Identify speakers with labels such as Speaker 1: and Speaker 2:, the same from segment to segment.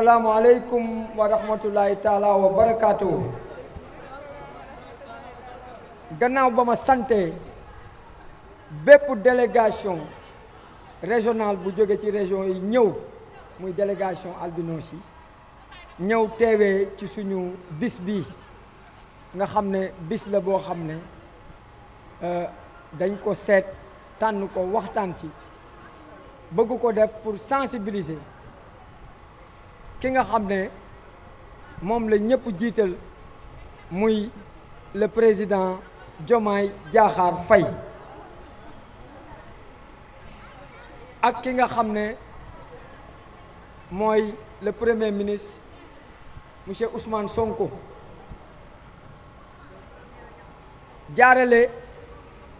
Speaker 1: asalaamualeykum wa rahmatullahi taala wa barakaatu. gannaaw ba ma sante bépp délégation régional bu jóge ci région yi ñëw muy délégation albinos yi ñëw teewee ci suñu bis bi nga xam ne bis la boo xam ne euh, dañ ko seet tànn ko waxtaan ci bëgg ko def pour sensibiliser ki nga xam ne moom la ñëpp jiital muy le président Diomaye Diakhar fay ak ki nga xam ne mooy le premier ministre monsieur Ousmane Sonko jaarale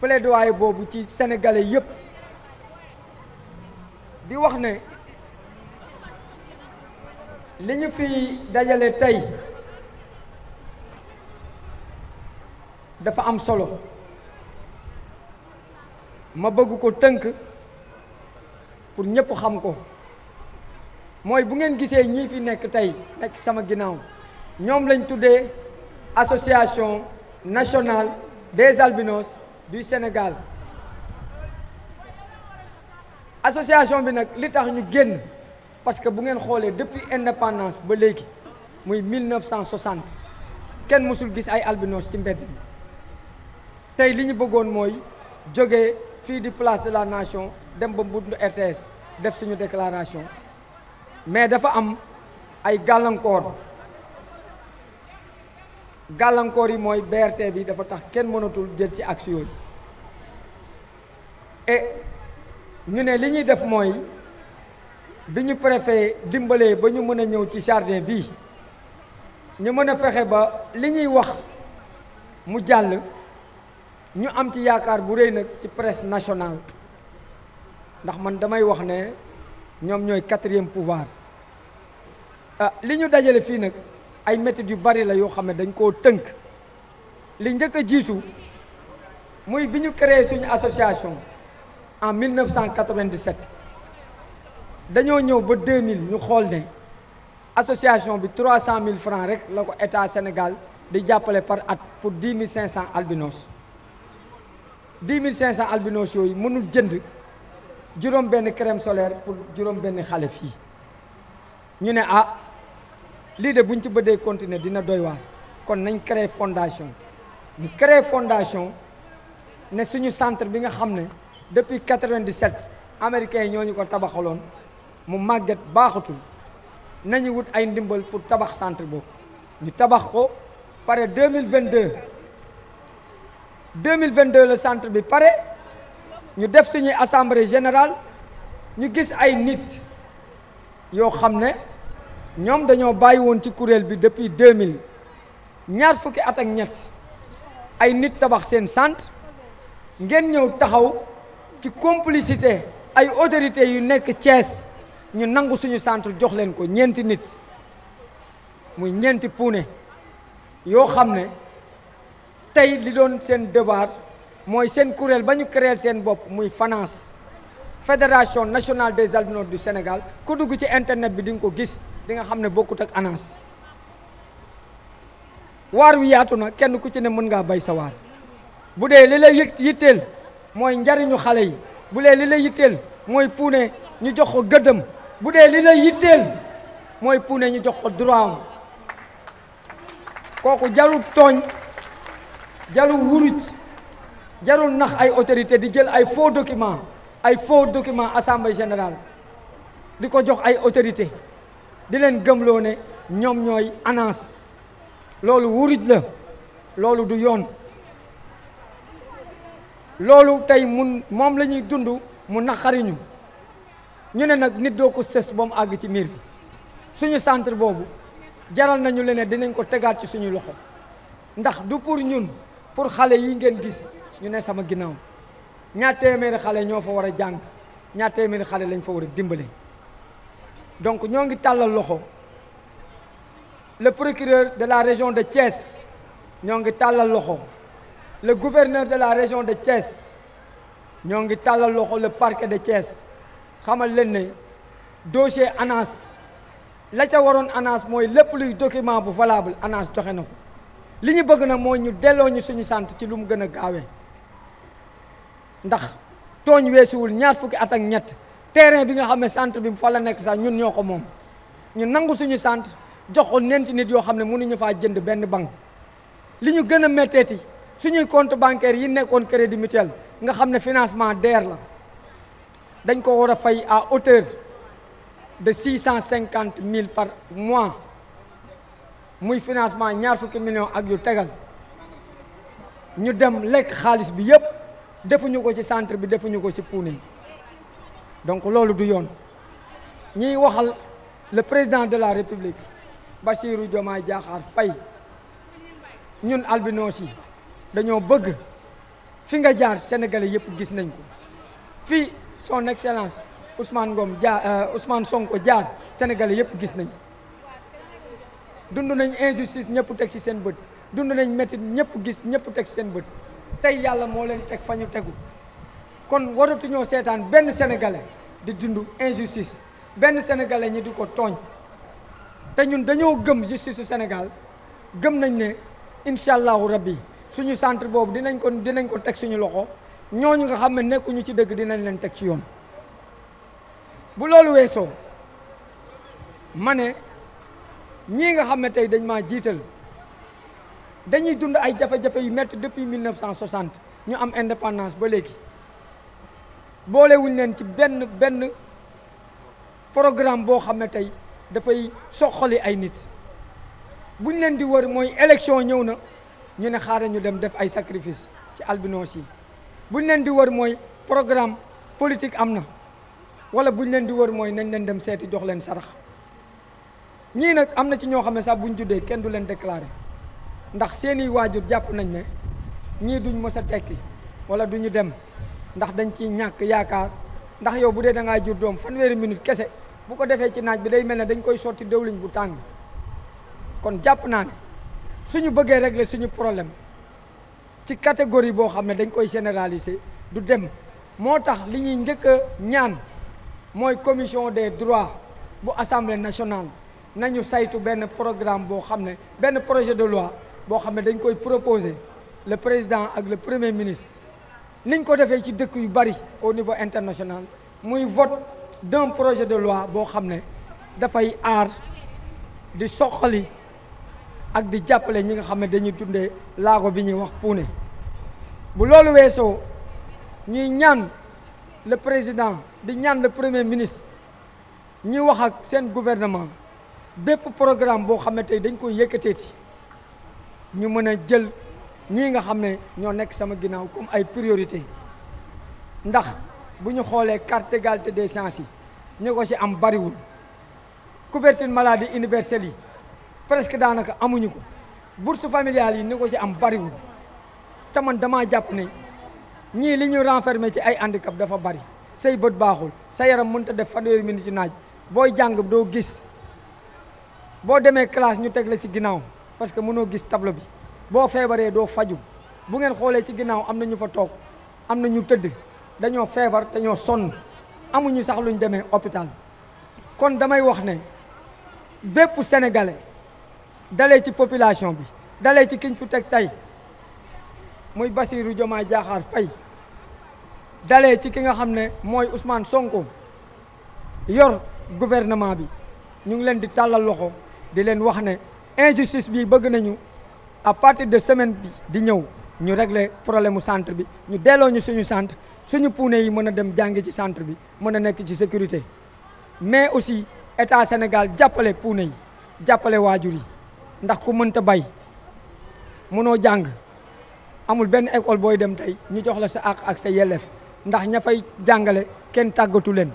Speaker 1: plaidoyer boobu ci sénégalais yëpp di wax ne li ñu fi dajale tey dafa am solo ma bëgg ko tënk pour ñépp xam ko mooy bu ngeen gisee ñii fi nekk tey nekk sama ginnaaw ñoom lañ tuddee association nationale de albinos du Sénégal association bi nag li tax ñu génn parce que bu ngeen xoolee depuis indépendance ba léegi muy 1960 kenn mësul gis ay albinos ci mbedd mi tey li ñu bëggoon mooy jóge fii di place de la nation dem ba mbundu RTS def suñu déclaration mais dafa am ay gàllankoor gàllankoor yi mooy BRT bi dafa tax kenn mënatul jël ci action yooyu et ñu ne li ñuy def mooy bi ñu préfet dimbalee ba ñu mën a ñëw ci jardin bii ñu mën a fexe ba li ñuy wax mu jàll ñu am ci yaakaar bu rëy nag ci press national ndax man damay wax ne ñoom ñooy quatrième pouvoir a ah, li ñu dajale fii nag ay méthodes yu bari la yoo xam ne dañ koo tënk li njëkk a jiitu muy bi ñu créer suñu association en 1997. dañoo ñëw ba 2000 ñu xool ne association bi mille francs rek la ko état senegal di jàppale par at pour 10 500 albinos 10 500 albinos yooyu mënul jënd juróom benn crème solaire pour juróom benn xale fii ñu ne ah lii de buñ ci bëddee continuer dina doy waar kon nañ créer fondation ñu créer fondation ne suñu centre bi nga xam ne depuis 97 américains yi ñoo ñu ko tabaxaloon mu màgget baaxatul nañu wut ay ndimbal pour tabax centre boobu ñu tabax ko pare deux mille vingt deux deux mille vingt deux le centre bi pare ñu def suñuy assemblée générale ñu gis ay nit yoo xam ne ñoom dañoo bàyyi woon ci kuréel bi depuis deux mille ñaar fukki at ak ñett ay nit tabax seen centre ngeen ñëw taxaw ci complicité ay autorités yu nekk Thiès ñu nangu suñu centre jox leen ko ñeenti nit muy ñeenti puune yoo xam ne tey li doon seen devoir mooy seen kuréel ba ñu créer seen bopp muy finance fédération national des albinos du Sénégal ku dugg ci internet bi di nga ko gis di nga xam ne bokkut ak ANAS waar wi yaatu na kenn ku ci ne mën ngaa bay sa waar bu dee li lay yitteel mooy njariñu xale yi bu dee li lay yitteel mooy puune ñu jox ko gëddëm bu dee li la yitteel mooy Poundé ñu jox ko droit am kooku jarul tooñ jarul wuruj jarul nax ay autorité di jël ay faux document ay faux document assemblée général di ko jox ay autorité di leen gëmloo ne ñoom ñooy annonce loolu wuruj la loolu du yoon loolu tey mun moom la ñuy dund mu naxariñu ñu ne nag nit doo ko sës ba mu àgg ci miir bi suñu centre boobu jaral nañu leneen dinañ ko tegaat ci suñu loxo ndax du pour ñun pour xale yi ngeen gis ñu ne sama ginnaaw ñaar téeméeri xale ñoo fa war a jàng ñaar téeméeri xale lañ fa war a dimbale donc ñoo ngi tàllal loxo le procureur de la région de Thiès ñoo ngi tàllal loxo le gouverneur de la région de Thiès ñoo ngi tàllal loxo le parquet de Thiès xamal leen ne dossier ANAS la ca waroon ANAS mooy lépp luy document bu valable ANAS joxe na ko li ñu bëgg nag mooy ñu delloo ñu suñu sant ci lu mu gën a gaawee ndax tooñ weesuwul ñaar fukki at ak ñett terrain bi nga xam ne sant bi fa la nekk sax ñun ñoo ko moom ñu nangu suñu centre jox ko ñeenti nit yoo xam ne mënuñu faa jënd benn banque li ñu gën a métteeti suñuy compte bancaire yi nekkoon crédit mutuel nga xam ne financement DER la dañ ko war a fay à de six cent cinquante mille par mois muy financement ñaar fukki millions ak yu tegal ñu dem lekk xaalis bi yëpp defuñu ko ci centre bi defuñu ko ci Pouné donc loolu du yoon ñiy waxal le président de la république Bassirou Diomaye Diakhar Faye ñun albinos yi dañoo bëgg fi nga jaar sénégalais yëpp gis nañ ko fii son excellence Ousmane Ngom jaar euh, Ousmane Sonko jaar Sénégalais yëpp gis nañ dund nañ injustice ñëpp teg ci seen bët dund nañ métit ñëpp gis ñëpp teg ci seen bët tey yàlla moo leen teg fa ñu tegu kon waratuñoo seetaan benn sénégalais di dund injustice benn sénégalais ñi di ko tooñ te ñun dañoo gëm justice su Sénégal gëm nañ ne incha allahu rabbi suñu centre boobu dinañ ko dinañ ko teg suñu loxo. ñooñu nga xam ne nekkuñu ci dëgg dinañ leen teg ci yoon bu loolu weesoo ma ne ñii nga xam ne tey dañ ma jiital dañuy dund ay jafe-jafe yu métti depuis 1960 ñu am indépendance ba léegi boolewuñ leen ci benn benn programme boo xam ne tey dafay soxali ay nit buñ leen di wër mooy élection ñëw na ñu ne xaar ñu dem def ay sacrifice ci albinos yi buñ leen di wër mooy programme politique am na wala buñ leen di wër mooy nañ leen dem seeti jox leen sarax ñii nag am na ci ñoo xam ne sax buñ juddee kenn du leen déclaré ndax seeni waajur jàpp nañ ne ñii duñ mësa a tekki wala duñu dem ndax dañ ciy ñàkk yaakaar ndax yow bu dee da jur doom fanweeri minute kese bu ko defee ci naaj bi day mel ne dañ koy sotti dëwliñ bu tàng kon jàpp naa ne suñu bëggee régler suñu problème ci catégorie boo xam ne dañ koy généraliser du dem moo tax li ñuy njëkk a ñaan mooy commission des droits bu assemblée nationale nañu saytu benn programme boo xam ne benn projet de loi boo xam ne dañ koy proposé le président ak le premier ministre niñ ko defee ci dëkk yu bari au niveau international muy vote d'un projet de loi boo xam ne dafay aar di soxali ak di jàppale ñi nga xam ne dañuy dundee laago bi ñuy wax puune bu loolu weesoo ñuy ñaan le président di ñaan le premier ministre ñi wax ak seen gouvernement bépp programme boo xam ne tey dañ koy yëkkatee ci ñu mën a jël ñii nga xam ne ñoo nekk sama ginnaaw comme ay priorité ndax bu ñu xoolee carte d'égalité des chances yi ñu ko ci am bariwul couverture maladie universelle yi presque daanaka amuñu ko bourse familiale yi ni ko ci am bariwul te man damaa jàpp ne ñii li ñuy renfermé ci ay handicap dafa bari say bët baaxul sa yaram mënut a def fanweeri minute ci naaj booy jàng doo gis boo demee classe ñu teg la ci ginnaaw parce que mënoo gis tableau bi boo feebaree doo faju bu ngeen xoolee ci ginnaaw am na ñu fa toog am na ñu tëdd dañoo feebar dañoo sonn amuñu sax luñ demee hôpital kon damay wax ne bépp sénégalais. dalee ci population bi dalee ci kiñ fi teg tey muy Bassirou Diomaye Diakhar Faye dalee ci ki nga xam ne mooy Ousmane Sonko yor gouvernement bi ñu ngi leen di tàllal loxo di leen wax ne injustice bi bëgg nañu à partir de semaine bi di ñëw ñu régler problème mu centre bi ñu delloo ñu suñu centre suñu puune yi mën a dem jàngi ci centre bi mën a nekk ci sécurité mais aussi état Sénégal jàppale puune yi jàppale waajur yi ndax ku mënta bay mënoo jàng amul benn école booy dem tey ñu jox la sa àq ak sa yelleef ndax ña fay jàngale kenn tàggatu leen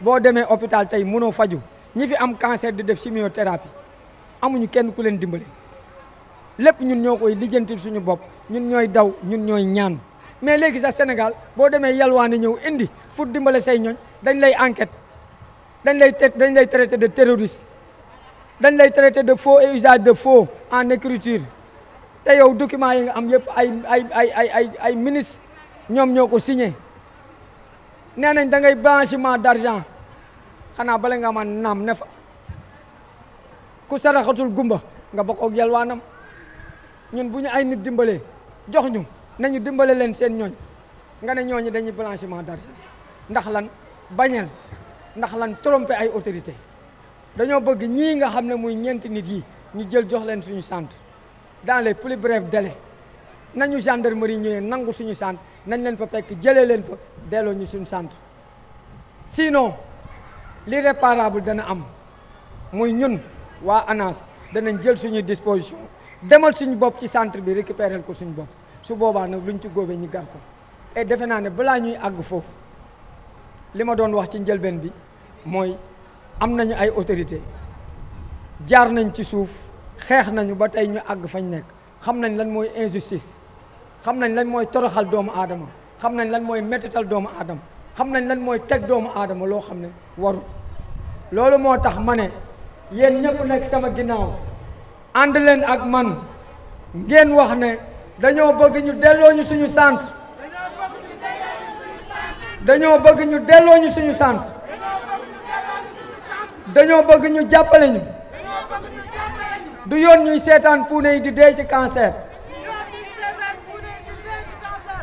Speaker 1: boo demee hôpital tey mënoo faju ñi fi am cancer di def chimiothérapie amuñu kenn ku leen dimbale lépp ñun ñoo koy lijjantil suñu bopp ñun ñooy daw ñun ñooy ñaan mais léegi sax Sénégal boo demee yalwaani ñëw indi pour dimbale say ñooñ dañ lay enquête dañ lay dañ lay traité de terroriste dañ lay traité de faux et usage de faux en écriture te yow document yi nga am yëpp ay ay ay ay ay ay ministre ñoom ñoo ko signé nee nañ dangay ngay blanchiment d' argent xanaa bala nga man naam ne fa ku saraxatul gumba nga bokk ak yalwaanam ñun bu ñu ay nit dimbalee jox ñu nañu dimbale leen seen ñooñ nga ne ñooñu dañuy blanchiment d' argent ndax lan bañeel ndax lan tromper ay autorité dañoo bëgg ñii nga xam ne muy ñeenti nit yi ñu jël jox leen suñu centre dans les plus brefs délais nañu gendarmerie ñëwee nangu suñu centre nañ leen fa fekk jëlee leen fa delloo ñu suñu centre sinon l'irréparable dana am muy ñun waa ANAS danañ jël suñu disposition demal suñu bopp ci centre bi récupérer ko suñu bopp su boobaa nag lu luñ ci góobee ñu gar ko et defe naa ne balaa ñuy àgg foofu li ma doon wax ci njëlbeen bi mooy am nañu ay autorité jaar nañ ci suuf xeex nañu ba tey ñu àgg fañ nekk xam nañ lan mooy injustice xam nañ lan mooy toroxal doomu aadama xam nañ lañ mooy mettital doomu aadama xam nañ lan mooy teg doomu aadama loo xam ne waru loolu moo tax ma ne yéen ñëpp nekk sama ginnaaw ànd leen ak man ngeen wax ne dañoo bëgg ñu delloo ñu suñu sant dañoo bëgg ñu delloo ñu suñu sant dañoo bëgg ñu jàppale ñu. du yoon ñuy seetaan puune yi di dee ci cancer.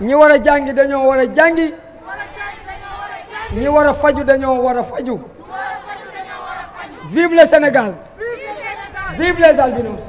Speaker 1: ñi war a jàngi dañoo war a jàngi. ñi war a faju dañoo war a faju. vive le Sénégal. vive les albinos.